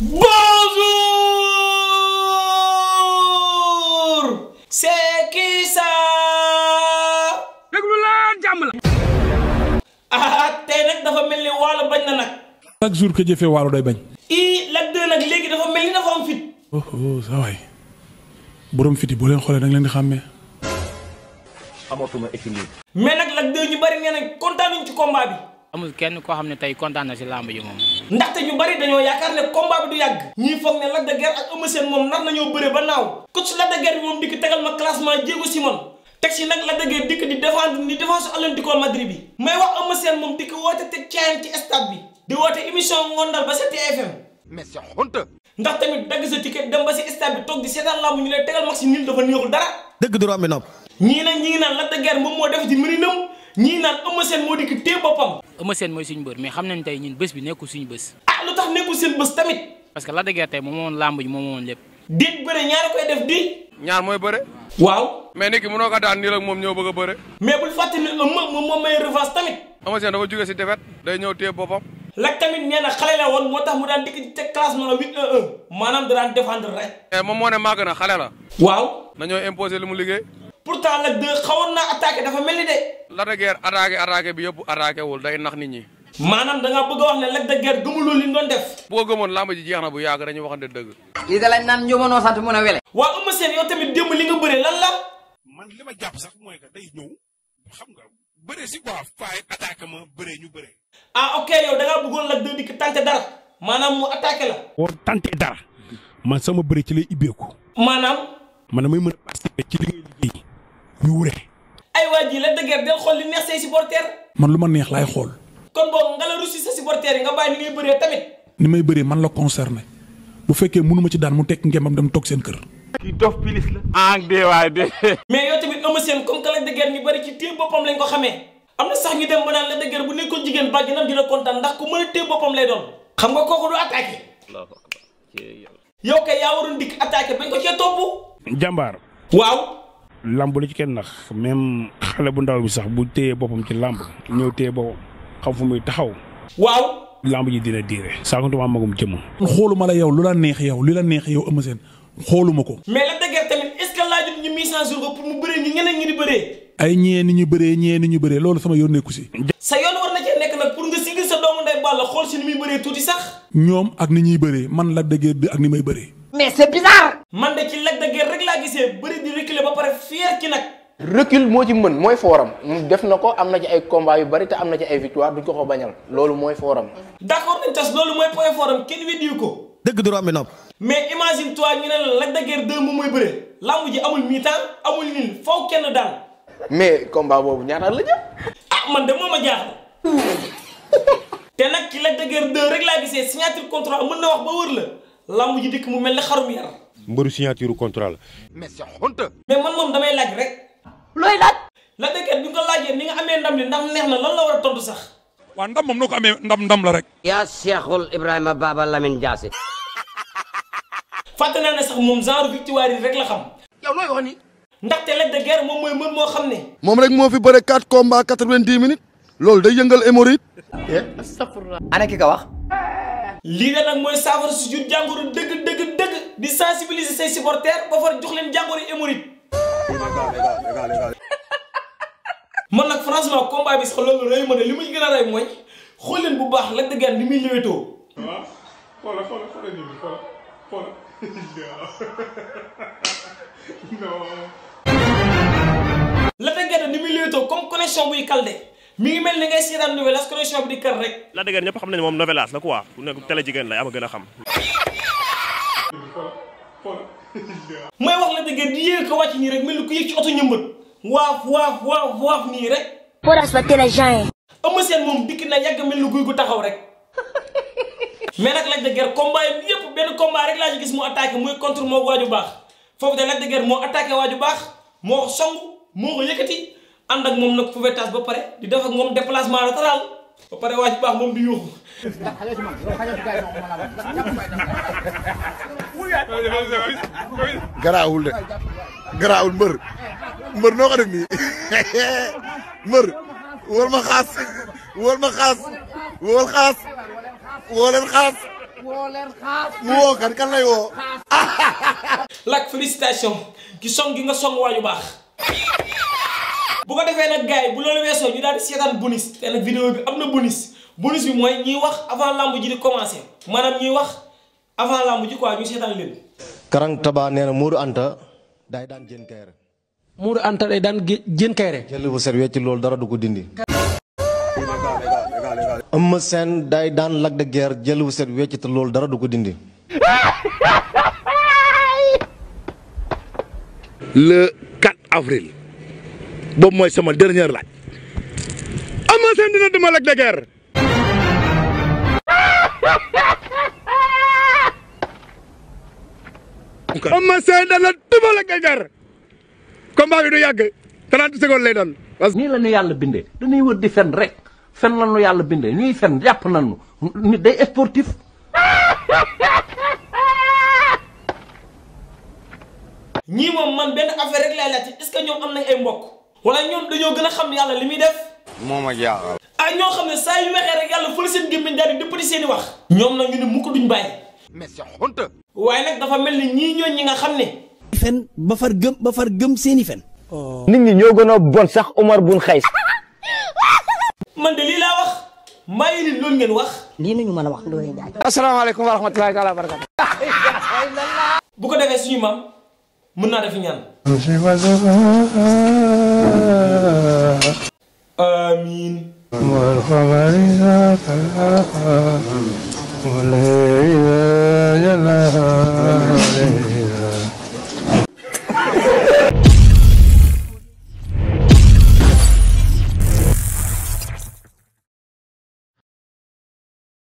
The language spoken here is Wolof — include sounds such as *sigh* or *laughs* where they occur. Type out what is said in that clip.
bonjour. c'est qui ça. déglu laa jàmm la. Ah, ah tey nag dafa mel ni waalo bañ na nag. chaque jour que jëfee waalo day bañ. i Lac 2 nag léegi dafa mel ni dafa am fit. oh oh borom fit boo leen xoolee da leen di xàmmee. amatuma équilibre. mais nag Lac 2 ñu bari nee nañ kontaan ci combat bi. amul kenn koo xam ne tey kontaan na si làmb yi moom. ndaxte ñu bari dañoo yaakaar ne combat bi du yàgg ñii foog ne Lac de Guiers ak Eumeu Sène moom nar nañoo bëre ba naaw coach Lac de Guiers bi moom dikk tegal ma classement Diego Simon si de Guiers dikk di défendre di défense Atlético Madrid bi may wax Eumeu Sène moom dikk woote te caayam ci di sa TFM mais c'est honte ndax tamit dagg sa ticket dem ba si stade bi toog di seetaan lamb ñu lay tegal maxi nil dafa neexul dara dëgg du romb nopp ñii nag ñi ngi naan Lac de moom moo def ci mëninam ñii naan Eumeu Sène moo dikk téye boppam. Eumeu Sène mooy suñu bër mais xam nañ tey ñun bés bi nekku suñu bés. ah lu tax nekkul seen bés tamit. parce que la dëgg tey moom woon làmb ji moom mooy bëre. waaw. mais nit ki mënoo moom ñëw bëgg a bëre. mais bul fàttali day ñëw téye boppam. lak tamit nee na xale la moo tax mu daan dikk ci teg classement la 8 1 1 maanaam da daan défendre rek. Eh, moom moo ne màgg na xale la. waaw. nañoo imposer li mu liggéey pourtant nak de xawoon naa attaqué dafa melni de. la de guerre attaqué attaqué bi yëpp attaqué wul day nax nit ñi. manam da nga bëgg wax ne Lac de guerre Guiers lu li ñu def. bo gëmon lamb ji jeex na bu yàgg dañuy waxante deug lii da lañ naan ñoom sant mun a wele. waa Eumeu Sène yow tamit dem li nga bëré lan la. man lima japp sax moy que day ñew xam nga bëré ci quoi fay attaquer ma bëré ñu bëré ah ok yow da nga bëggon Lac de dik tanté dara manam mu attaquer la. wo tanté dara man sama bëré ci lay ibéku manam manamay mëna mën ci li ngay ñu wure. ay waa ji la dëgër del xool li neex say supporter. man lu ma neex laay xool. kon boog nga la russi sa supporter yi nga bàyyi ni ngay bëree tamit. ni may bëree man la concerné bu fekkee mënuma ci daan mu teg ngembam dem toog seen kër. kii dof pilis la. ah dee waay dee. *laughs* mais yow tamit Eumeu Sène comme que la dëgër ñu bari ci téye boppam lañ ko xamee. am na sax ñu dem ba naan la dëgër bu nekkoon jigéen bàjjanam dina kontaan ndax ku mën a téye boppam lay doon. xam nga kooku du attaqué. yow kay yaa làmb li ci kenn nax même xale bu ndaw bi sax bu téyee boppam ci làmb ñëw téye boppam xam fu muy taxaw. waaw. làmb ji dina diire. saako tuuma magum jëmm. xooluma la yow lu la neex yow li la neex yow Eumeu Sène xooluma ko. mais la dëgg tamit est-ce que laajut ñu mise en ko pour mu bëree ñu ñeneen ñi di bëree. ay ñee ni ñu bëree ñee ni ñu bëree loolu sama yoon nekku si. sa yoon war na cee nekk nag pour nga sigil sa doomu ndey Balla xool si ni muy bëree tuuti sax. ak ni ñuy bëree man la dëgg ak ni may bëree. fier ki nag. recul moo ci mën mooy fooram def na ko am na ci ay combat yu bari te am na ci ay victoire duñ ko ko bañal loolu mooy fooram. d'accord nañ tas loolu mooy point fooram kenn weddiwu ko. dëgg du romb nopp. mais imagine toi ñu ne la Lac de Guiers 2 moom mooy bëre lamb ji amul mi-temps amul nii faw kenn daal. mais combat boobu ñaata la ah man de moom a jaaxal. *laughs* te nag ki Lac de Guiers rek laa gisee signature contrat mën na wax ba wër la. lamb ji dikk mu mel ne xarum yar. mbëru signature contrat la. mais c'est man moom damay laaj rek. looy laaj. la dëkkat bi nga ko laajee ni nga amee ndam li ndam na lan la war a sax. waa ndam moom noo ko amee ndam ndam la rek. yaa seexul Ibrahima Baba Lamine Diassi. fàtte naa sax moom genre victoire yi rek la xam. yow looy wax ni. ndaxte Lac de moom mooy mën moo xam ne. moom rek moo fi bëre 4 combats 90 minutes. loolu day yëngal hémorroïde. astafurlah. ana lii de nag mooy saafara si jur jàngoro dëgg dëgg dëgg di sensibiliser say supporters ba far jox leen jàngoro hémorroïde. *laughs* man nag franchement li muy gën a rey mooy xool leen bu baax Lac de Guiers muy léwétoo. waaw ah, xoolal xoolal xoolal ñu ngi xoolal xoolal. *laughs* non. Lac de Guiers muy léwétoo comme connexion buy kalde. mi ngi mel ni ngay seetaan nouvelle as connexion bi di kër rek. la dëgër ñëpp xam nañu moom novelas la quoi ku nekk télé a gën may wax la dëgër di yéeg ko wàcc nii rek mel ni ku yéeg ci oto ñëmbat waaf waaf waaf waaf nii rek. pour respecter les gens yi. Eumeu Sène moom dikk na yàgg mel ni guy gu taxaw rek. *laughs* mais nag Lac de Guiers combat yi yëpp benn combat rek laa ci gis mu attaqué muy contre moo waaju baax foofu de Lac de moo attaqué waaju baax moo ko song moo ko yëkkati. ànd ak moom nag couvertage ba pare di def ak moom déplacement latéral ba pare waa ji baax moom di yuuxu. garaawul de garaawul mbër mbër noo ko def nii mbër wóol ma xaas wóol ma xaas wóol xaas wóoleen xaas. mu woo kan kan lay félicitation ki song gi nga song waaju baax. bu ko defee nak gars bu loolu wesso ñu daal di bonus té nak vidéo bi amna bonus bonus bi moy ñi wax avant lamb ji di commencer manam ñi wax avant lamb ji quoi ñu seetaan leen. Karang Taba néna na Anta day daan jën kayre. Modou Anta day daan jën kayre. jël bu sét wéti loolu dara du ko dindi. am sen day daan Lac de guerre jël bu sét wéti té loolu dara du ko dindi. le 4 avril bob moy sama dernière laaj Eumeu sen dina dem Lac de Guiers sen dina dem duma Lac de combat bi du yag 30 secondes lay don ni la ñu yàlla bindee dañuy wër di fenn rek fenn la ñu yalla bindé ñuy fenn japp nañu nit day sportif ñii mom man ben affaire rek laay lati est-ce que ñom am nañ ay mbokk wala ñoom dañu gëna xam yalla limi def moom ak yàlla ak ñoo xam ne saa yu wéxé rek yalla fële seen gëmmi daal di dëppati seen wax ñoom nak ñu ne mukk duñ bay mais c'est honte way nak dafa melni ñi ñoo ñi nga xam ne fen ba far gëm ba far gëm seen fen nit ñi ñoo gëna bon sax Omar bun khays man de li la wax may ni loolu ngeen wax lii nañu mëna wax do loolu jaay assalamu alaykum wa rahmatullahi wa barakatuh bu ko defé suñu mam mën naa def ñaan amiin wal qamari